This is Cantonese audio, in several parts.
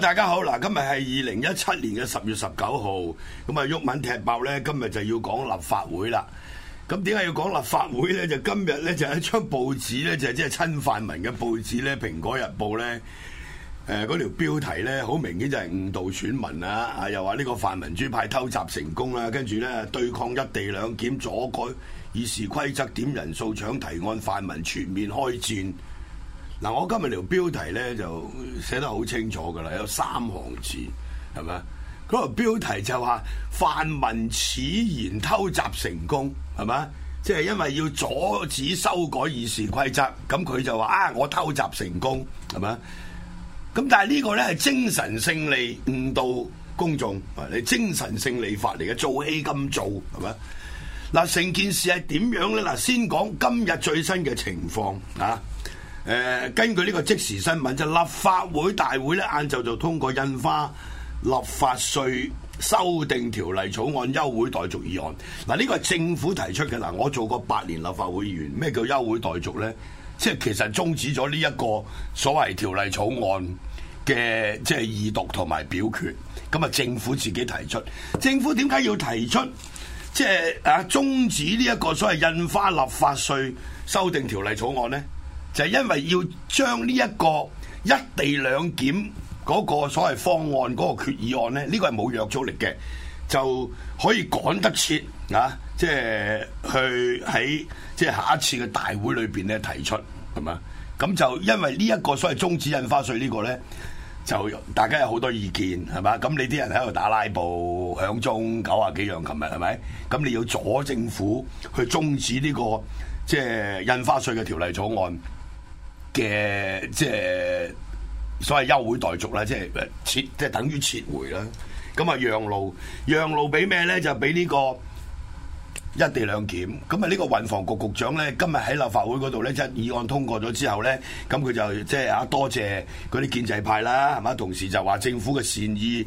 大家好，嗱，今日係二零一七年嘅十月十九號，咁啊，毓民踢爆咧，今日就要講立法會啦。咁點解要講立法會呢？就今日呢，就是、一張報紙咧，就即、是、係親泛民嘅報紙呢《蘋果日報》呢，誒嗰條標題咧，好明顯就係誤導選民啊！又話呢個泛民主派偷襲成功啦，跟住呢，對抗一地兩檢阻改議事規則點人數搶提案泛民全面開戰。嗱，我今日條標題咧，就寫得好清楚噶啦，有三行字，係咪？嗰條標題就話泛民侈言偷襲成功，係咪？即係因為要阻止修改議事規則，咁佢就話啊，我偷襲成功，係咪？咁但係呢個咧係精神勝利誤導公眾，係咪？精神勝利法嚟嘅，做戲咁做，係咪？嗱，成件事係點樣咧？嗱，先講今日最新嘅情況啊！呃、根據呢個即時新聞，就是、立法會大會咧，晏晝就通過印花立法稅修訂條例草案休會待續議案。嗱，呢個係政府提出嘅。嗱，我做過八年立法會議員，咩叫休會待續呢？即係其實係中止咗呢一個所謂條例草案嘅即係二讀同埋表決。咁啊，政府自己提出，政府點解要提出即係、就是、啊中止呢一個所謂印花立法稅修訂條例草案呢？就係因為要將呢一個一地兩檢嗰個所謂方案嗰個決議案呢，呢、這個係冇約束力嘅，就可以趕得切啊！即、就、係、是、去喺即係下一次嘅大會裏邊咧提出，係嘛？咁就因為呢一個所謂終止印花稅呢個呢，就大家有好多意見係嘛？咁你啲人喺度打拉布響鐘九啊幾樣，琴日係咪？咁你要阻政府去終止呢、這個即係、就是、印花稅嘅條例草案。嘅即係所謂休會待續啦，即係撤即係等於撤回啦。咁啊，讓路讓路俾咩咧？就係俾呢個一地兩檢。咁啊，呢個運防局局長咧，今日喺立法會嗰度咧，即係議案通過咗之後咧，咁佢就即係啊多謝嗰啲建制派啦，係嘛？同時就話政府嘅善意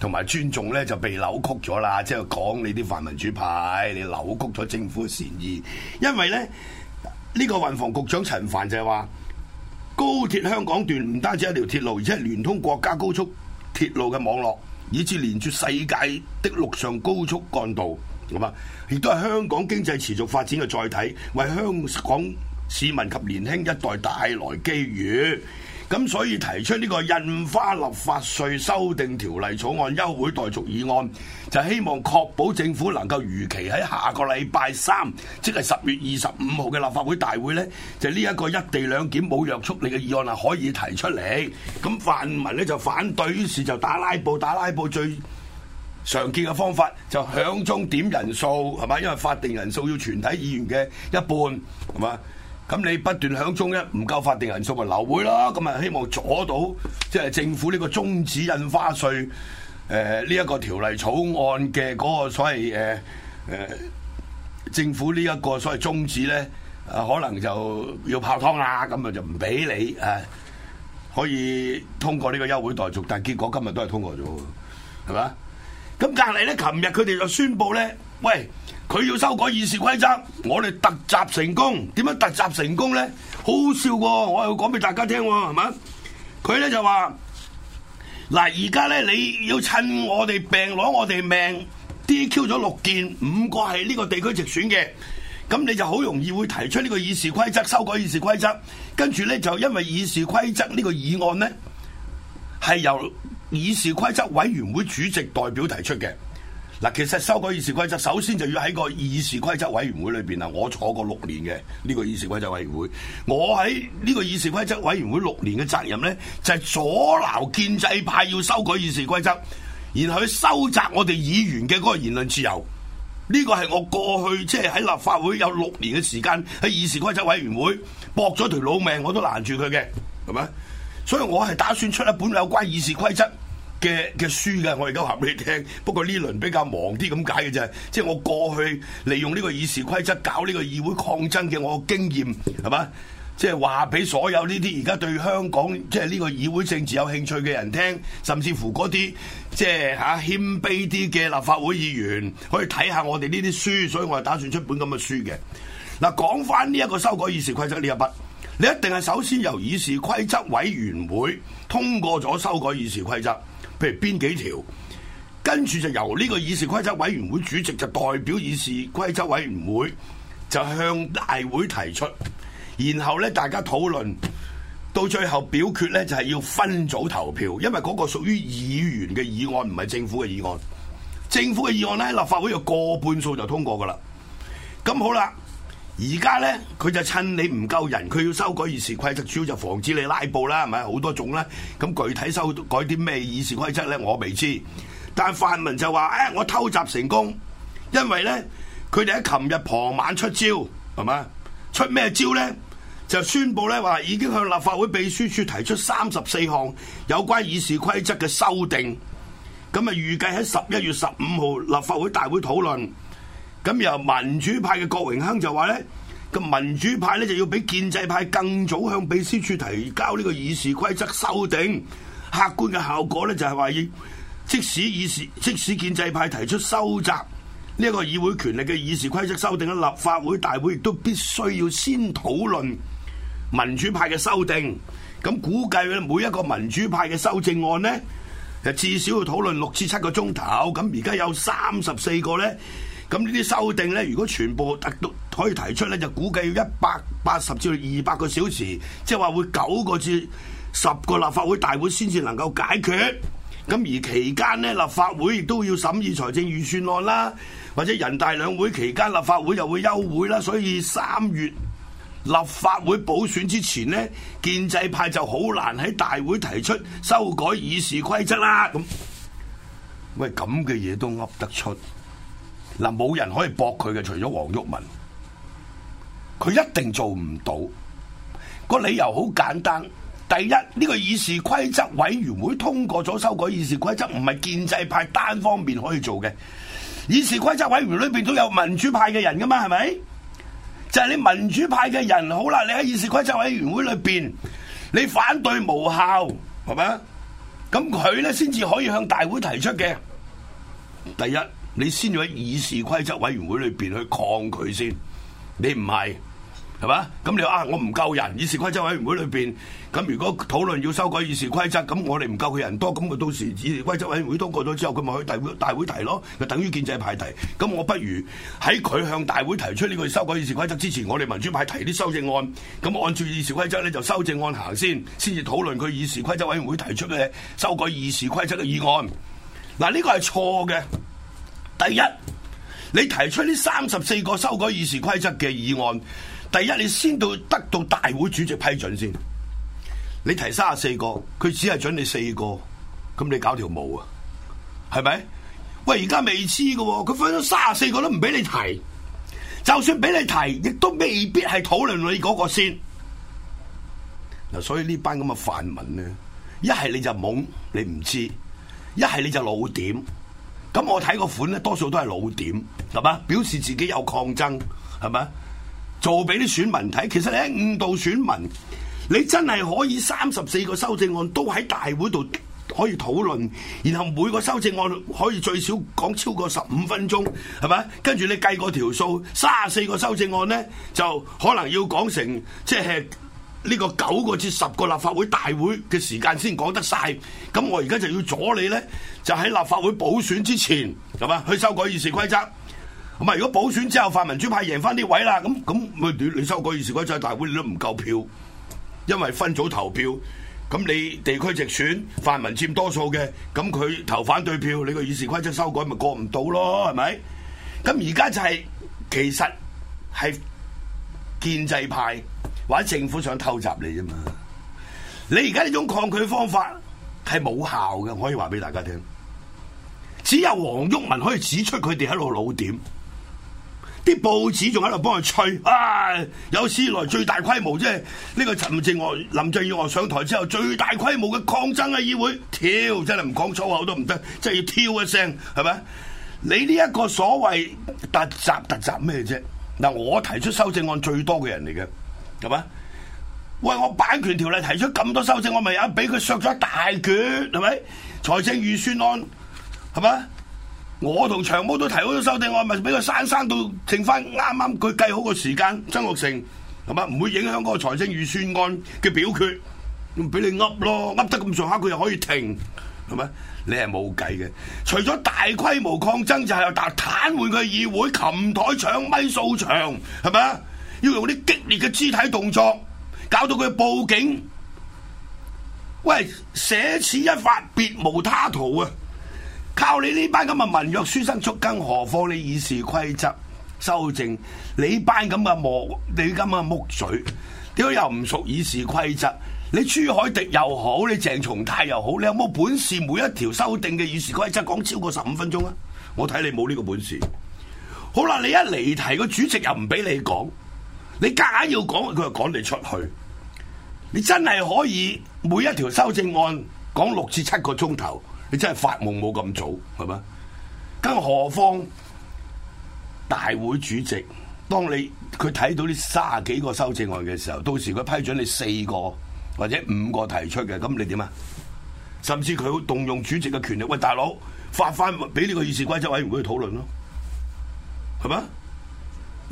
同埋尊重咧就被扭曲咗啦，即係講你啲泛民主派，你扭曲咗政府嘅善意。因為咧，呢個運防局長陳凡就係話。高鐵香港段唔單止一條鐵路，而且連通國家高速鐵路嘅網絡，以至連接世界的陸上高速幹道，咁啊，亦都係香港經濟持續發展嘅載體，為香港市民及年輕一代帶來機遇。咁所以提出呢個印花立法稅修訂條例草案休會待續議案，就希望確保政府能夠如期喺下個禮拜三，即係十月二十五號嘅立法會大會呢，就呢一個一地兩檢冇約束力嘅議案啊，可以提出嚟。咁泛民呢就反對，於是就打拉布，打拉布最常見嘅方法就響鐘點人數係嘛，因為法定人數要全體議員嘅一半係嘛。咁你不斷響中一唔夠法定人數咪流會咯，咁啊，希望阻到即係政府呢個終止印花稅誒呢一個條例草案嘅嗰個所謂誒誒、呃呃、政府呢一個所謂終止咧，啊可能就要泡湯啦，咁啊就唔俾你誒、呃、可以通過呢個優惠待續，但係結果今日都係通過咗，係咪？咁隔籬咧，琴日佢哋就宣布咧，喂，佢要修改議事規則，我哋突襲成功，點樣突襲成功咧？好，好笑喎、哦，我要講俾大家聽、哦、喎，係咪？佢咧就話，嗱，而家咧你要趁我哋病攞我哋命，DQ 咗六件，五個係呢個地區直選嘅，咁你就好容易會提出呢個議事規則，修改議事規則，跟住咧就因為議事規則呢個議案咧係由。議事規則委員會主席代表提出嘅，嗱，其實修改議事規則首先就要喺個議事規則委員會裏邊啊，我坐過六年嘅呢個議事規則委員會，我喺呢個議事規則委員會六年嘅責任咧，就係阻撓建制派要修改議事規則，然後去收窄我哋議員嘅嗰個言論自由，呢個係我過去即係喺立法會有六年嘅時間喺議事規則委員會搏咗條老命，我都攔住佢嘅，係咪？所以我係打算出一本有關議事規則。嘅嘅書嘅，我而家話俾你聽。不過呢輪比較忙啲咁解嘅啫，即係我過去利用呢個議事規則搞呢個議會抗爭嘅我嘅經驗係嘛，即係話俾所有呢啲而家對香港即係呢個議會政治有興趣嘅人聽，甚至乎嗰啲即係呀謙卑啲嘅立法會議員可以睇下我哋呢啲書，所以我係打算出本咁嘅書嘅嗱。講翻呢一個修改議事規則呢一筆，你一定係首先由議事規則委員會通過咗修改議事規則。譬如邊幾條，跟住就由呢個議事規則委員會主席就代表議事規則委員會就向大會提出，然後咧大家討論，到最後表決咧就係、是、要分組投票，因為嗰個屬於議員嘅議案，唔係政府嘅議案。政府嘅議案咧立法會有過半數就通過噶啦。咁好啦。而家呢，佢就趁你唔夠人，佢要修改議事規則，主要就防止你拉布啦，係咪？好多種呢，咁具體修改啲咩議事規則呢？我未知。但係泛民就話，誒、哎，我偷襲成功，因為呢，佢哋喺琴日傍晚出招，係嘛？出咩招呢？就宣佈呢，話已經向立法會秘書處提出三十四項有關議事規則嘅修訂。咁啊，預計喺十一月十五號立法會大會討論。咁由民主派嘅郭榮鏗就話，呢個民主派呢就要比建制派更早向秘書處提交呢個議事規則修訂，客觀嘅效果呢，就係話，即使議事，即使建制派提出修集，呢一個議會權力嘅議事規則修訂，喺立法會大會亦都必須要先討論民主派嘅修訂。咁估計咧，每一個民主派嘅修正案呢，至少要討論六至七個鐘頭。咁而家有三十四個呢。咁呢啲修訂呢，如果全部特都可以提出呢，就估計要一百八十至二百個小時，即係話會九個至十個立法會大會先至能夠解決。咁而期間呢，立法會亦都要審議財政預算案啦，或者人大兩會期間立法會又會休會啦。所以三月立法會補選之前呢，建制派就好難喺大會提出修改議事規則啦。咁，喂，咁嘅嘢都噏得出。嗱，冇人可以駁佢嘅，除咗黃毓民，佢一定做唔到。那個理由好簡單，第一呢、這個議事規則委員會通過咗修改議事規則，唔係建制派單方面可以做嘅。議事規則委員會裏邊都有民主派嘅人噶嘛，係咪？就係、是、你民主派嘅人，好啦，你喺議事規則委員會裏邊，你反對無效，係咪？咁佢咧先至可以向大會提出嘅。第一。你先要喺議事規則委員會裏邊去抗拒先，你唔係，係嘛？咁你啊，我唔夠人。議事規則委員會裏邊，咁如果討論要修改議事規則，咁我哋唔夠佢人多，咁佢到時議事規則委員會通過咗之後，佢咪去大會大會提咯，咪等於建制派提。咁我不如喺佢向大會提出呢個修改議事規則之前，我哋民主派提啲修正案。咁按住議事規則咧，就修正案行先，先至討論佢議事規則委員會提出嘅修改議事規則嘅議案。嗱、啊、呢、這個係錯嘅。第一，你提出呢三十四個修改議事規則嘅議案，第一你先到得到大會主席批准先。你提三十四個，佢只係准你四個，咁你搞條毛啊？係咪？喂，而家未知㗎喎，佢分咗三十四個都唔俾你提，就算俾你提，亦都未必係討論你嗰個先。嗱，所以呢班咁嘅泛民咧，一係你就懵，你唔知；一係你就老點。咁我睇個款咧，多數都係老點，係嘛？表示自己有抗爭，係嘛？做俾啲選民睇，其實你喺誤導選民。你真係可以三十四個修正案都喺大會度可以討論，然後每個修正案可以最少講超過十五分鐘，係嘛？跟住你計過條數，三十四個修正案咧，就可能要講成即係，就是呢個九個至十個立法會大會嘅時間先講得晒，咁我而家就要阻你咧，就喺立法會補選之前係嘛，去修改議事規則，唔係，如果補選之後泛民主派贏翻呢位啦，咁咁佢你修改議事規則大會你都唔夠票，因為分組投票，咁你地區直選泛民佔多數嘅，咁佢投反對票，你個議事規則修改咪過唔到咯，係咪？咁而家就係，其實係建制派。或者政府想偷襲你啫嘛！你而家呢種抗拒方法係冇效嘅，可以話俾大家聽。只有黃毓民可以指出佢哋喺度老點，啲報紙仲喺度幫佢吹啊！有史來最大規模、就是，即係呢個陳志岳、林鄭月娥上台之後最大規模嘅抗爭嘅、啊、議會，跳真係唔講粗口都唔得，即係要跳一聲係咪？你呢一個所謂突襲、突襲咩啫？嗱，我提出修正案最多嘅人嚟嘅。係咪？喂，我版權條例提出咁多修正，我咪又俾佢削咗一大卷，係咪？財政預算案，係咪？我同長毛都提好多修正案，咪俾佢刪刪到剩翻啱啱佢計好個時間。曾鈺成，係咪？唔會影響嗰個財政預算案嘅表決，咁俾你噏咯，噏得咁上下，佢又可以停，係咪？你係冇計嘅，除咗大規模抗爭就係打癱瘓佢議會，琴台搶咪掃場，係咪啊？要用啲激烈嘅肢體動作，搞到佢報警。喂，捨此一法，別無他途啊！靠你呢班咁嘅文弱書生捉筋，何況你議事規則修正？你這班咁嘅木，你咁嘅木嘴，點解又唔熟議事規則？你朱海迪又好，你鄭松泰又好，你有冇本事每一條修訂嘅議事規則講超過十五分鐘啊？我睇你冇呢個本事。好啦，你一離題，個主席又唔俾你講。你硬要講，佢就趕你出去。你真係可以每一條修正案講六至七個鐘頭，你真係發夢冇咁早，係嘛？更何況，大會主席，當你佢睇到呢卅幾個修正案嘅時候，到時佢批准你四個或者五個提出嘅，咁你點啊？甚至佢會動用主席嘅權力，喂大佬，發翻俾呢個議事規則委員會去討論咯，係嘛？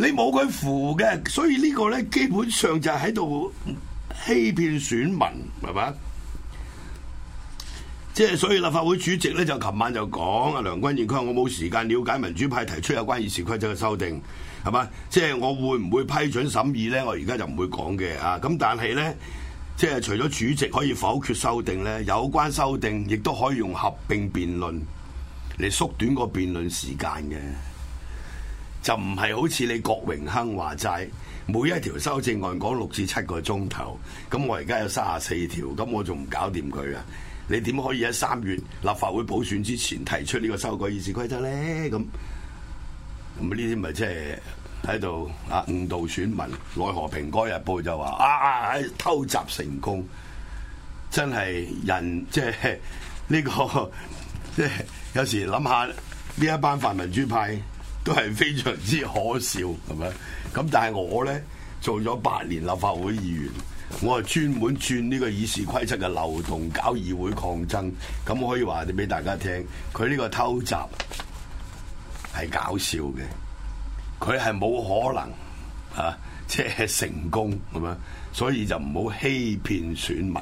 你冇佢扶嘅，所以呢個呢基本上就係喺度欺騙選民，係嘛？即係，所以立法會主席呢，就琴晚就講阿梁君彥佢話我冇時間了解民主派提出有關議事規則嘅修訂，係嘛？即係，我會唔會批准審議呢？我而家就唔會講嘅啊！咁但係呢，即係，除咗主席可以否決修訂呢，有關修訂亦都可以用合併辯論嚟縮短個辯論時間嘅。就唔係好似你郭榮鏗話齋，每一條修正案講六至七個鐘頭，咁我而家有三十四條，咁我仲唔搞掂佢啊？你點可以喺三月立法會補選之前提出呢個修改議事規則咧？咁咁呢啲咪即係喺度啊誤導選民？奈何蘋果日報就話啊啊偷襲成功，真係人即係呢個即係、即係、有時諗下呢一班泛民主派。都係非常之可笑咁樣，咁但係我咧做咗八年立法會議員，我係專門轉呢個議事規則嘅漏洞搞議會抗爭，咁可以話啲俾大家聽，佢呢個偷襲係搞笑嘅，佢係冇可能啊，即係成功咁樣，所以就唔好欺騙選民。